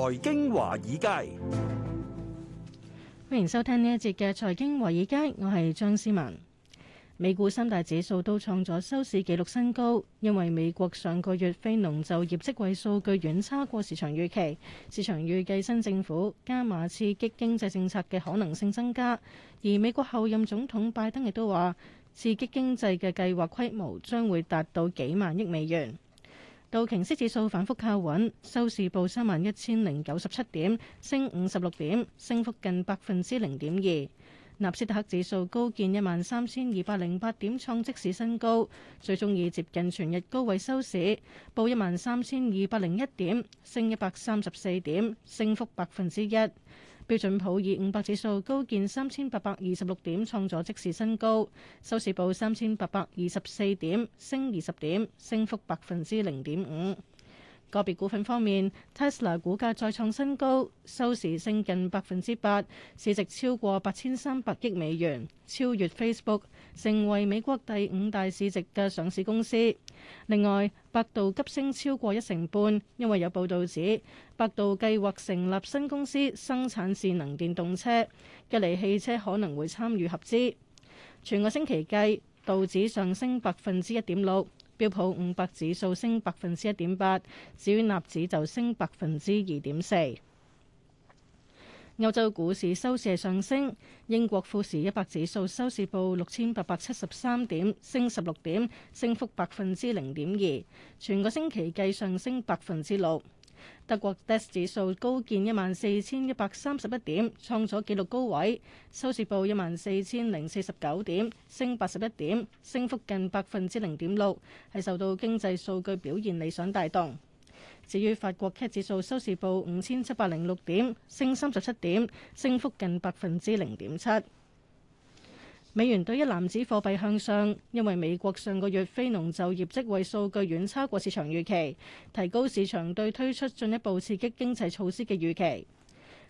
財經華爾街，歡迎收聽呢一節嘅財經華爾街，我係張思文。美股三大指數都創咗收市紀錄新高，因為美國上個月非農就業職位數據遠差過市場預期，市場預計新政府加碼刺激經濟政策嘅可能性增加。而美國候任總統拜登亦都話，刺激經濟嘅計劃規模將會達到幾萬億美元。道瓊斯指數反覆靠穩，收市報三萬一千零九十七點，升五十六點，升幅近百分之零點二。納斯達克指數高見一萬三千二百零八點，創即時新高，最終以接近全日高位收市，報一萬三千二百零一點，升一百三十四點，升幅百分之一。標準普爾五百指數高見三千八百二十六點，創咗即時新高。收市報三千八百二十四點，升二十點，升幅百分之零點五。個別股份方面，Tesla 股價再創新高，收市升近百分之八，市值超過八千三百億美元，超越 Facebook，成為美國第五大市值嘅上市公司。另外，百度急升超過一成半，因為有報道指百度計劃成立新公司生產智能電動車，吉利汽車可能會參與合資。全個星期計，道指上升百分之一點六。標普五百指數升百分之一點八，至於納指就升百分之二點四。歐洲股市收市上升，英國富時一百指數收市報六千八百七十三點，升十六點，升幅百分之零點二，全個星期計上升百分之六。德國 DAX 指數高見一萬四千一百三十一點，創咗紀錄高位，收市報一萬四千零四十九點，升八十一點，升幅近百分之零點六，係受到經濟數據表現理想帶動。至於法國 CAC 指數收市報五千七百零六點，升三十七點，升幅近百分之零點七。美元兌一籃子貨幣向上，因為美國上個月非農就業職位數據遠差過市場預期，提高市場對推出進一步刺激經濟措施嘅預期。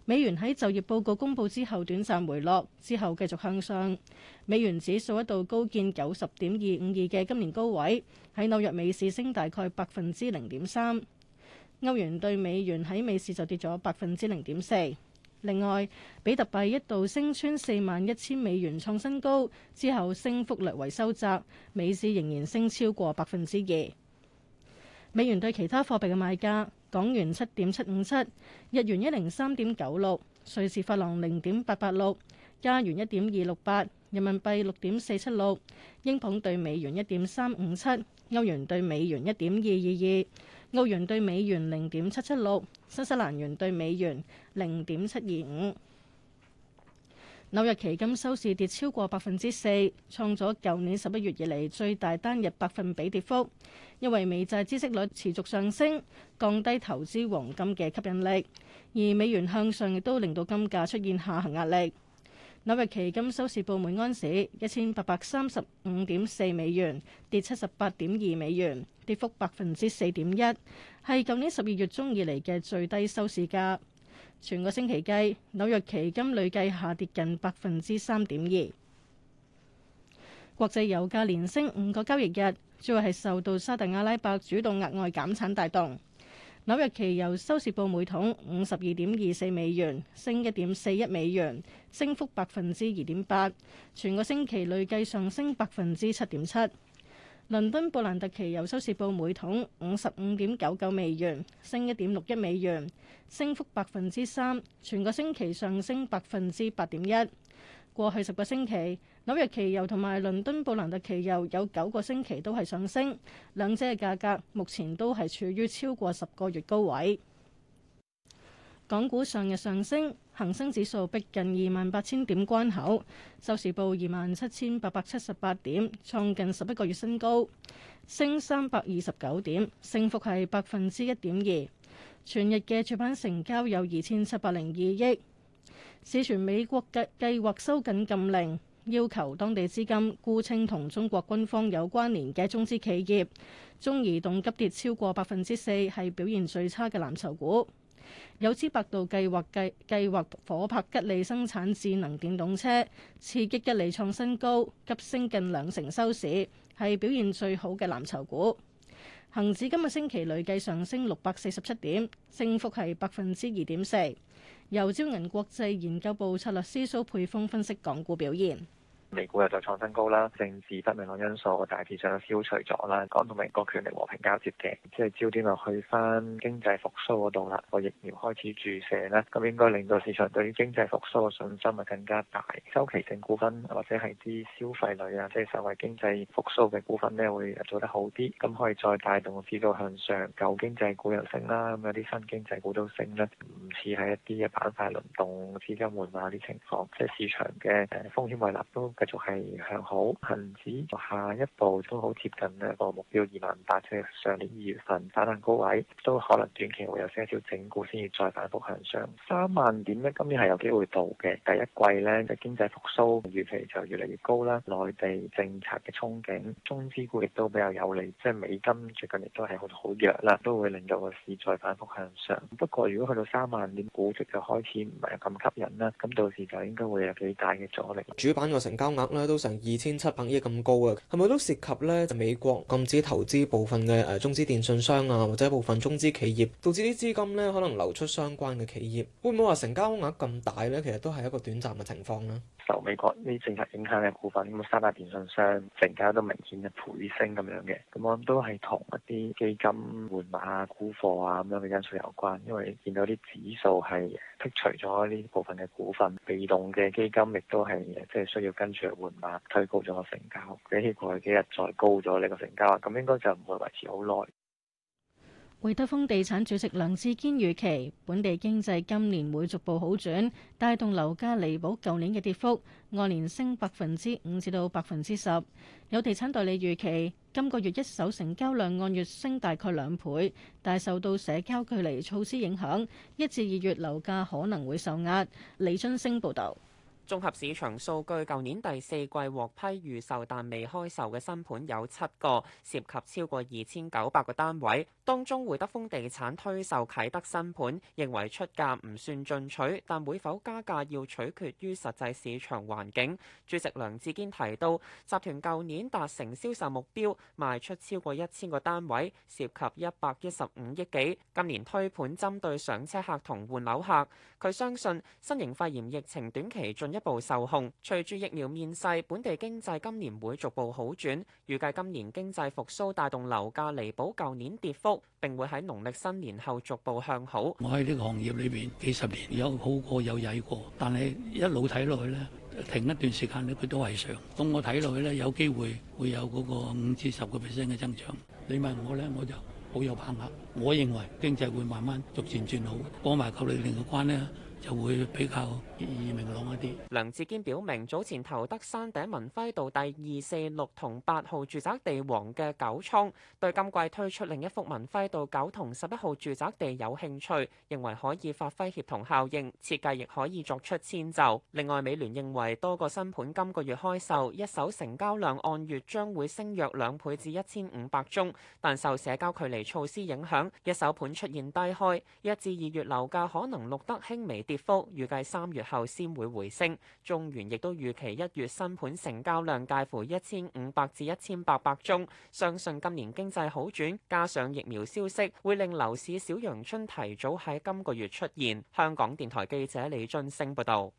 美元喺就業報告公布之後短暫回落，之後繼續向上。美元指數一度高見九十點二五二嘅今年高位，喺紐約美市升大概百分之零點三。歐元兌美元喺美市就跌咗百分之零點四。另外，比特幣一度升穿四萬一千美元創新高，之後升幅略為收窄，美市仍然升超過百分之二。美元對其他貨幣嘅賣價：港元七點七五七，日元一零三點九六，瑞士法郎零點八八六，加元一點二六八，人民幣六點四七六，英鎊對美元一點三五七。歐元對美元一點二二二，澳元對美元零點七七六，新西蘭元對美元零點七二五。紐約期金收市跌超過百分之四，創咗舊年十一月以嚟最大單日百分比跌幅，因為美債孳息率持續上升，降低投資黃金嘅吸引力，而美元向上亦都令到金價出現下行壓力。紐約期金收市報每安士一千八百三十五點四美元，跌七十八點二美元，跌幅百分之四點一，係舊年十二月中以嚟嘅最低收市價。全個星期計，紐約期金累計下跌近百分之三點二。國際油價連升五個交易日，主要係受到沙特阿拉伯主動額外減產帶動。紐約期油收市報每桶五十二點二四美元，升一點四一美元，升幅百分之二點八，全個星期累計上升百分之七點七。倫敦布蘭特期油收市報每桶五十五點九九美元，升一點六一美元，升幅百分之三，全個星期上升百分之八點一。過去十個星期，紐約期油同埋倫敦布蘭特期油有九個星期都係上升，兩者嘅價格目前都係處於超過十個月高位。港股上日上升，恒生指數逼近二萬八千點關口，收市報二萬七千八百七十八點，創近十一個月新高，升三百二十九點，升幅係百分之一點二。全日嘅主板成交有二千七百零二億。市傳美國計計劃收緊禁令。要求當地資金沽清同中國軍方有關聯嘅中資企業，中移動急跌超過百分之四，係表現最差嘅藍籌股。有指百度計劃計計劃夥拍吉利生產智能電動車，刺激吉利創新高，急升近兩成收市，係表現最好嘅藍籌股。恒指今個星期累計上升六百四十七點，升幅係百分之二點四。由招銀國際研究部策略師蘇佩峰分析港股表現。美股又就創新高啦，政治不明朗因素大體上都消除咗啦。講到美國權力和平交接嘅，即係焦點落去翻經濟復甦嗰度啦，個疫苗開始注射啦，咁應該令到市場對於經濟復甦嘅信心啊更加大。周期性股份或者係啲消費類啊，即係所謂經濟復甦嘅股份咧，會做得好啲，咁可以再帶動指數向上。舊經濟股又升啦，咁有啲新經濟股都升啦，唔似係一啲嘅板塊輪動，資金換馬啲情況，即係市場嘅誒風險位立都。繼續係向好，恒指下一步都好接近呢個目標二萬八，即係上年二月份反彈高位，都可能短期會有少少整固先至再反覆向上。三萬點咧，今年係有機會到嘅。第一季咧就經濟復甦預期就越嚟越高啦，內地政策嘅憧憬，中資股亦都比較有利，即係美金最近亦都係好弱啦，都會令到個市再反覆向上。不過如果去到三萬點，估值就開始唔係咁吸引啦，咁到時就應該會有幾大嘅阻力。主板個成交額咧都成二千七百億咁高啊，係咪都涉及咧？就美國禁止投資部分嘅誒中資電信商啊，或者部分中資企業，導致啲資金咧可能流出相關嘅企業，會唔會話成交額咁大咧？其實都係一個短暫嘅情況呢、啊。受美國呢政策影響嘅股份，咁啊三大電信商成家都明顯嘅倍升咁樣嘅，咁我諗都係同一啲基金換碼啊、沽貨啊咁樣嘅因素有關，因為見到啲指數係剔除咗呢部分嘅股份，被動嘅基金亦都係即係需要跟。在緩慢推高咗成交，比起過去幾日再高咗呢個成交，咁應該就唔會維持好耐。匯德豐地產主席梁志堅預期，本地經濟今年會逐步好轉，帶動樓價彌補舊年嘅跌幅，按年升百分之五至到百分之十。有地產代理預期，今個月一手成交量按月升大概兩倍，但係受到社交距離措施影響，一至二月樓價可能會受壓。李津升報導。綜合市場數據，舊年第四季獲批預售但未開售嘅新盤有七個，涉及超過二千九百個單位。當中，會德豐地產推售啟德新盤，認為出價唔算進取，但會否加價要取決於實際市場環境。主席梁志堅提到，集團舊年達成銷售目標，賣出超過一千個單位，涉及一百一十五億幾。今年推盤針對上車客同換樓客，佢相信新型肺炎疫情短期進一.步受控，隨住疫苗面世，本地經濟今年會逐步好轉。預計今年經濟復蘇帶動樓價彌補舊年跌幅，並會喺農曆新年後逐步向好。我喺呢個行業裏邊幾十年有好過有曳過，但係一路睇落去咧，停一段時間咧，佢都係上。咁我睇落去咧，有機會會有嗰個五至十個 percent 嘅增長。你問我咧，我就好有把握。我認為經濟會慢慢逐漸轉好，幫埋購樓令嘅關咧。就會比較易明朗一啲。梁志堅表明，早前投得山頂文輝道第二、四、六同八號住宅地王嘅九倉，對今季推出另一幅文輝道九同十一號住宅地有興趣，認為可以發揮協同效應，設計亦可以作出遷就。另外，美聯認為多個新盤今個月開售，一手成交量按月將會升約兩倍至一千五百宗，但受社交距離措施影響，一手盤出現低開，一至二月樓價可能錄得輕微跌幅，預計三月後先會回升。中原亦都預期一月新盤成交量介乎一千五百至一千八百宗，相信今年經濟好轉，加上疫苗消息，會令樓市小陽春提早喺今個月出現。香港電台記者李俊升報道。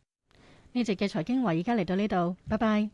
呢節嘅財經話，而家嚟到呢度，拜拜。